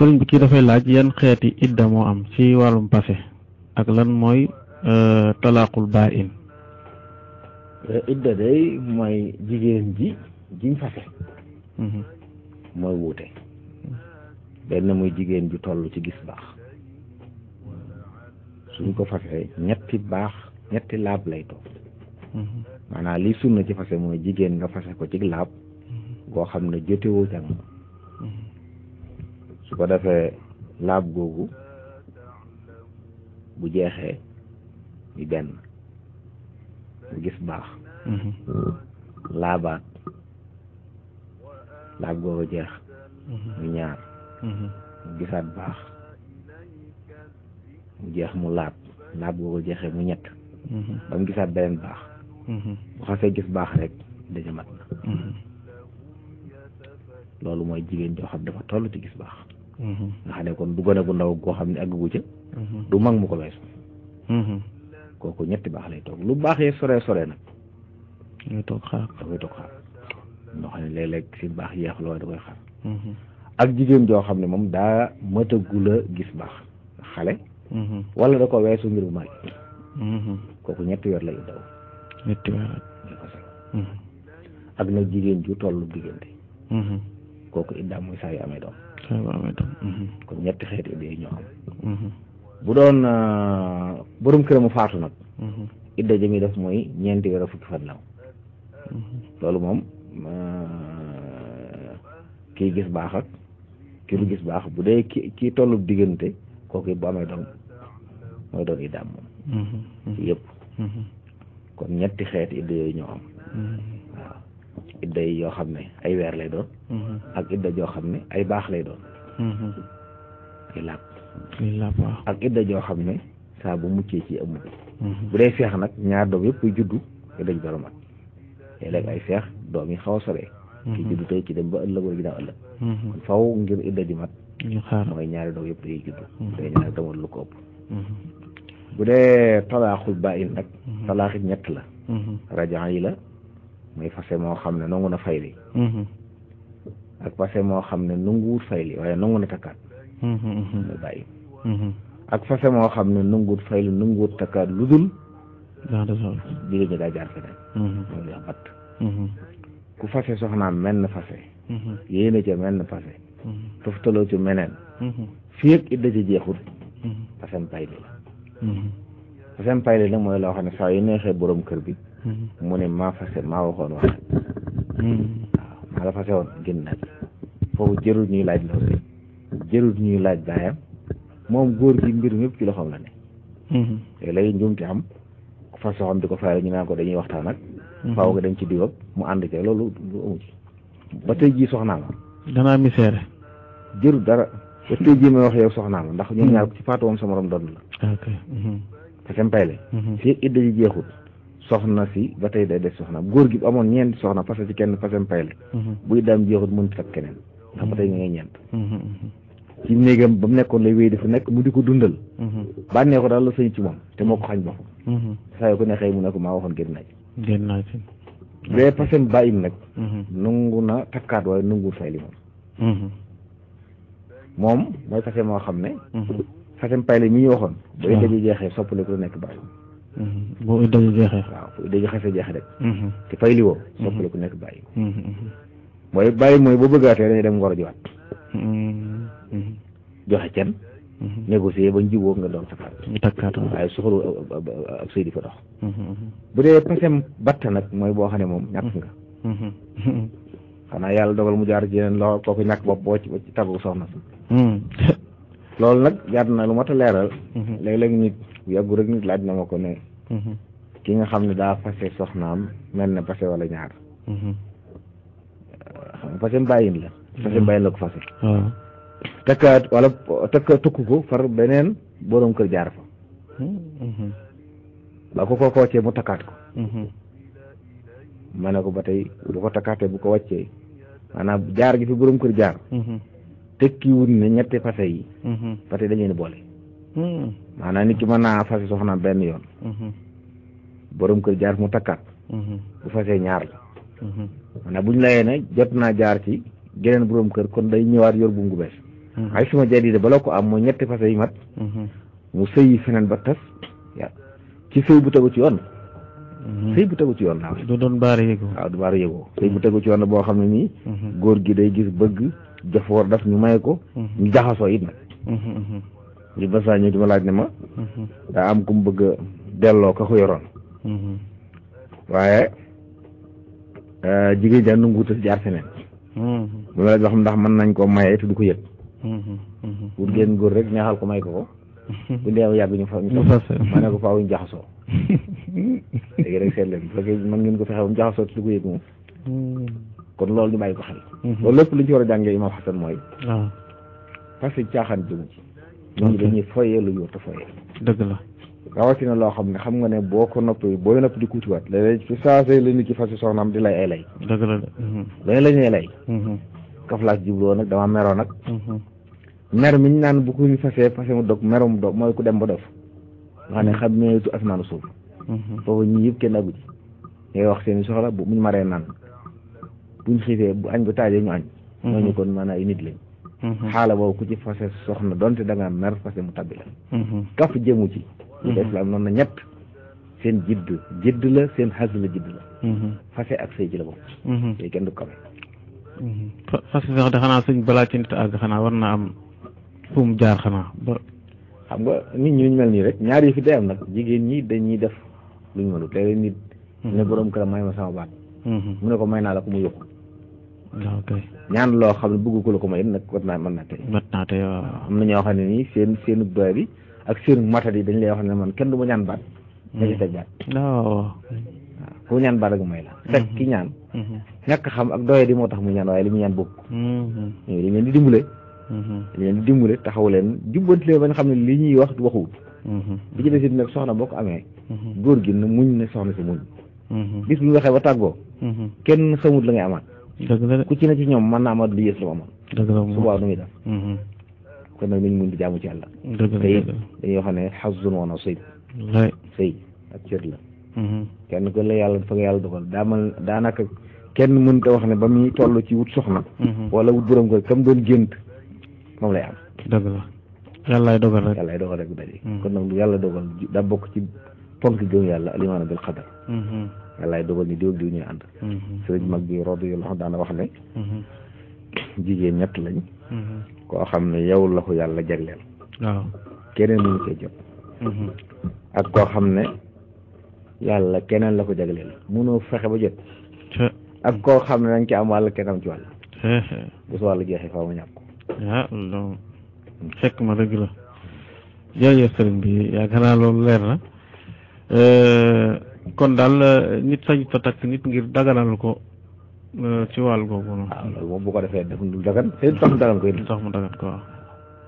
sëriñ bi kii dafay laaj yenn xeeti idda moo am ci wàllum pase ak lan mooy euh, talaaqul baa in euh, idda day mooy jigéen ji jiñ fase mhm. mooy wuute benn muy jigéen ju toll ci gis baax suñ ko fasee ñetti baax ñetti laab lay toog mhm. maanaam li sunna ci fase mooy jigéen nga fase ko ci laab mhm. goo xam ne jotewoo jàng su ko defee laab googu bu jeexee ñu benn bu gis baax mhm. laabaat laab googu jeex mhm. mu ñaar mhm. mu gisaat baax mu jeex mu laab laab googu jeexee mu ñett ba mu gisaat beneen baax bu xasee gis baax rek dañu mat na loolu mooy jigéen joo xam dafa toll ci gis baax nga xam mm-hmm. ne kon du bu ndaw goo xam ne àggu ca mm-hmm. du mag mu ko weesu mm-hmm. kooku ñetti baax lay toog lu baaxee sore sore nag dafay toog xaar dafay toog baax yeexul waaye da koy xaar ak jigéen joo xam ne moom daa matagula gis baax xale wala da ko weesu ngir bu mag kooku ñetti weer lay daw ñetti weer ak nag jigéen ju tollu diggante kooku iddaa muy saa yu amee doom Mm-hmm. kon ñetti xeet idda yi ñoo am mm-hmm. bu doon uh, borom këram mu faatu nag mm-hmm. idda ja muy def mooy ñeenti weer a fukki fan law loolu moom uh, kii gis baax ak kii du gis baax bu dee ki kii tollu diggante kooku bu amee doom mooy doon iddaam moom yëpp kon ñetti xeet idda yooyu ñoo am idda yi yoo xam ne ay weer lay doon mhm. ak idda joo xam ne ay baax lay doon mhm. ay laab ak idda joo xam ne saa bu muccee ci amul mhm. bu dee feex nag ñaar doom yëpp kuy juddu idda ji dara ay feex doom yi xaw a soree ki juddu tey ki dem ba ëllëg wala ginnaaw ëllëg ñaari doom yëpp day juddu day ñaari lu ko ëpp bu dee talaaxul baa in nag talaaxit ñett la rajaan yi la muy fase moo xam ne nangu na fay li mm-hmm. ak fase moo xam ne nanguwut fay li waaye nangu na takkaat mm-hmm, mm-hmm. mu bàyyi ak fase moo xam ne nanguwut fay li nanguwut takkaat lu dul jigéen ñi daa jaar feneen moom la batt ku fase soxnaam menn fase yéene ca menn fase toftaloo ci meneen fii ak idda ci jeexut fasem pay la fasem pay li mooy loo xam ne saa yu neexee borom kër bi Mm-hmm. mu ne maa fase maa waxoon wax mm-hmm. waaw maa la fase woon génn nag foofu jërul ñuy laaj loolu jërul ñuy laaj baayam moom góor gi mbir mépp ci loxoom la ne léegi mm-hmm. léegi njuumte am façon am di ko faale ñu naan ko dañuy waxtaan nag faaw nga dem ci diwab mu ànd ca loolu lu amu ci ba tey jii soxnaa ma danaa miseere jërul dara ba tey jii may wax yow soxnaa la ndax ñu ñaar ko ci faatu woon sa morom doon la ok te la fii idda ji jeexut soxna si ba tey day def soxna góor gi bu amoon ñeenti soxna parce que ci kenn pasem payal mhm. buy daam jeexut mënut takk keneen ndax ba tey ñu ngay ñeent mhm, mhm, ci néegam ba mu nekkoon lay wéy dafa nekk mu di ko dundal bànnee ko daal la sëñ ci moom te moo ko xañ boppam saa yoo ko neexee mu ne maa waxoon génn naa génn naa ci bee pasem bàyyil nag nangu na takkaat waaye nanguwul fay li moom moom mooy fase moo xam ne fasem payal mi ñu waxoon ba yëg bi jeexee Mm-hmm. boo dëgg jeexee. waaw fu dëgg xasee jeexee rek. Mm-hmm. te fay li woo. soppali mm-hmm. ku nekk bàyyi. mooy bàyyi mooy boo bëggaatee dañuy dem ngoro jiwaat. joxe can. négocier ba njuboo nga doon safaat. takkaatoo waaye soxalu ak sëy di fa dox. bu dee pasem batta nag mooy boo xam ne moom ñàkk nga. xanaa yàlla dogal mu jaar ci yeneen loxo kooku ñàkk bopp boo ci boo ci tabu soxna si. nag jaar na lu mat a leeral. léeg-léeg bu yàggu rek nit laaj na ma ko ne mhm. ki nga xam ne daa fase soxnaam mel na fase wala ñaar mhm. xam fase mbàyyin la mhm. fase mbàyyin la ko fase ah. takkaat wala takka tukku ko far beneen borom kër jaar fa ba ko ko koocee mu takkaat ko ma ne ko ba tey bu ko takkaatee bu ko wàccee maanaam jaar gi fi borom kër jaar tekkiwul ne ñetti fase yi ba tey dañu leen boole Hmm. maanaam nit ki mën naa fase soxna benn yoon. Hmm. borom kër jaar mu takkaat. Hmm. bu fasee ñaar la. maanaam bu ñu layee ne jot naa jaar ci geneen borom kër kon day ñëwaat yor bu mu bees. ay suma jadida bala ko am mooy ñetti fase yi mat. mu sëyi feneen ba tas ci sëy bu tegu ci yoon. sëy bu tegu ci yoon laa du doon baara du baara yëgoo sëy bu tegu ci yoon boo xam ne nii góor gi day gis bëgg jafoor daf ñu may ko ñu jaxasoo it nag ñu basaa ñëw di ma laaj ne ma mhm. daa am ku mu bëgg delloo ka ko yoroon mhm. waaye euh, jigéen jaan nangu wutal jaar feneen bu mhm. ma laaj wax ndax mën nañ koo maye te du ko yëg wut génn góor rek ñaaxal ko may ko ko bu deew yàgg ñu fa ñu fa ma ne ko faaw ñu jaxasoo léegi rek seet leen ngeen ko fexe ba mu jaxasoo te du ko yëg moom kon loolu ñu bàyyi ko xel loolu lépp lu ñu ci war a jàngee imam Xasan mooy parce ah. caaxaan jëmu ci ñoom dañuy foyee lu yóotu foyee. dëgg la. rawatina loo xam ne xam nga ne boo ko noppi booy noppi di kuutiwaat léeg-léeg ci saa see la nit ki fas si soxnaam di lay ay lay. dëgg la de. léeg la lay. Mm-hmm. kaf laa jubloo nag dama meroo nag. Mm-hmm. mer mi ñu naan bu ko fasee fase mu dog merum dog mooy ku dem ba dof mm-hmm. nga ne xam ne tu asmaanu suuf. foofu ñii yëpp kenn agu ji. ngay wax seen i soxla bu ñu maree naan buñ xiifee bu añ bu taajee ñu añ. ñooñu kon maanaam ay nit lañ. Mm-hmm. xaala boobu ku ci fase soxna donte da ngaa mer fase mu tabbi la mm-hmm. kaf jëmu ci bu mm-hmm. islam noonu na ñett seen jidd jidd la seen xas la jidd la fase ak sëy ci la bokk sëy kenn du kawe fase sax de xanaa sëñ balaa ci nit àgg xanaa war na am fu jaar xanaa ba xam nga nit ñi ñu mel nii rek ñaar yi fi day am nag jigéen ñi dañuy def lu ñu mënut léeg nit ne borom këram may ma sama baat mu ne ko may naa la ko mu yokku Ah, ñaan loo xam ne bëgg ko la ko may nag war naa mën naa na nii seen seenu doy bi ak seenu matat yi dañ lay wax ne man kenn du ma ñaan baat nga ci teg baat waaw oh. ku ñaan baat ak may la hmm. fekk ki ñaan hmm. ñàkk xam ak doy moo tax mu ñaan waaye li mu ñaan bokk li hmm. leen di dimbale li leen di dimbale taxaw leen jubbanti leen ba nga xam ne li ñuy wax waxuwut bi ci des it nag soxna boo ko amee góor gi na muñ ne soxna si muñ bis bu ñu waxee a tàggoo kenn xamut la ngay amaat dëgg la ku ci ne ci ñoom mën naa ma lu yées lu ma la moom su boobaa du muy def. Mm-hmm. kon nag nañ mun di jaamu ci yàlla. dëgg la dëgg la dañoo la. Mm-hmm. kenn ku la yàlla dafa yàlla dogal daa mel wax ne ba muy toll ci wut soxna. Mm-hmm. wala wut borom ko kam doon gént moom lay am. dëgg la yàllaay dogal rek yàllaay dogal rek bu daje. kon nag yàlla dogal daa bokk ci ponk gëm yàlla alimaana bil xadar. yàllaay dogal ni diw diw ñuy ànd mm-hmm. sëriñ mag bi radiyallahu daana wax ne mm-hmm. jigéen ñett lañ mm-hmm. koo xam ne yow la ko yàlla jagleel waaw keneen mënu cee jot ak koo xam ne yàlla keneen la ko jagleel mënoo fexe ba jot ak koo xam ne dañ ci am wàll kenn am ci wàll bu su wàllu jeexee faaw ma ñàkk ko ah loolu leer na kon daal euh, nit sañu ta takk nit ngir daganal ko euh, ci wàll googu noonu. waaw ah, loolu moom bu ko defee def lu dagan te tax mu dagan ko it. mu dagan ko waaw.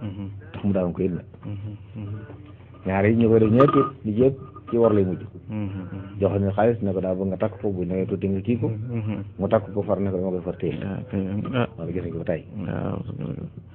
Mm-hmm. Mm-hmm. tax mu dagan ko it nag. Mm-hmm. ñaar yi ñu koy def ñëpp di jëpp ne ko daal ba ñu tuuti nga kii ko. mu takk ne ko dama koy far téye. waaw ah, kay ah wala gis nga ko ba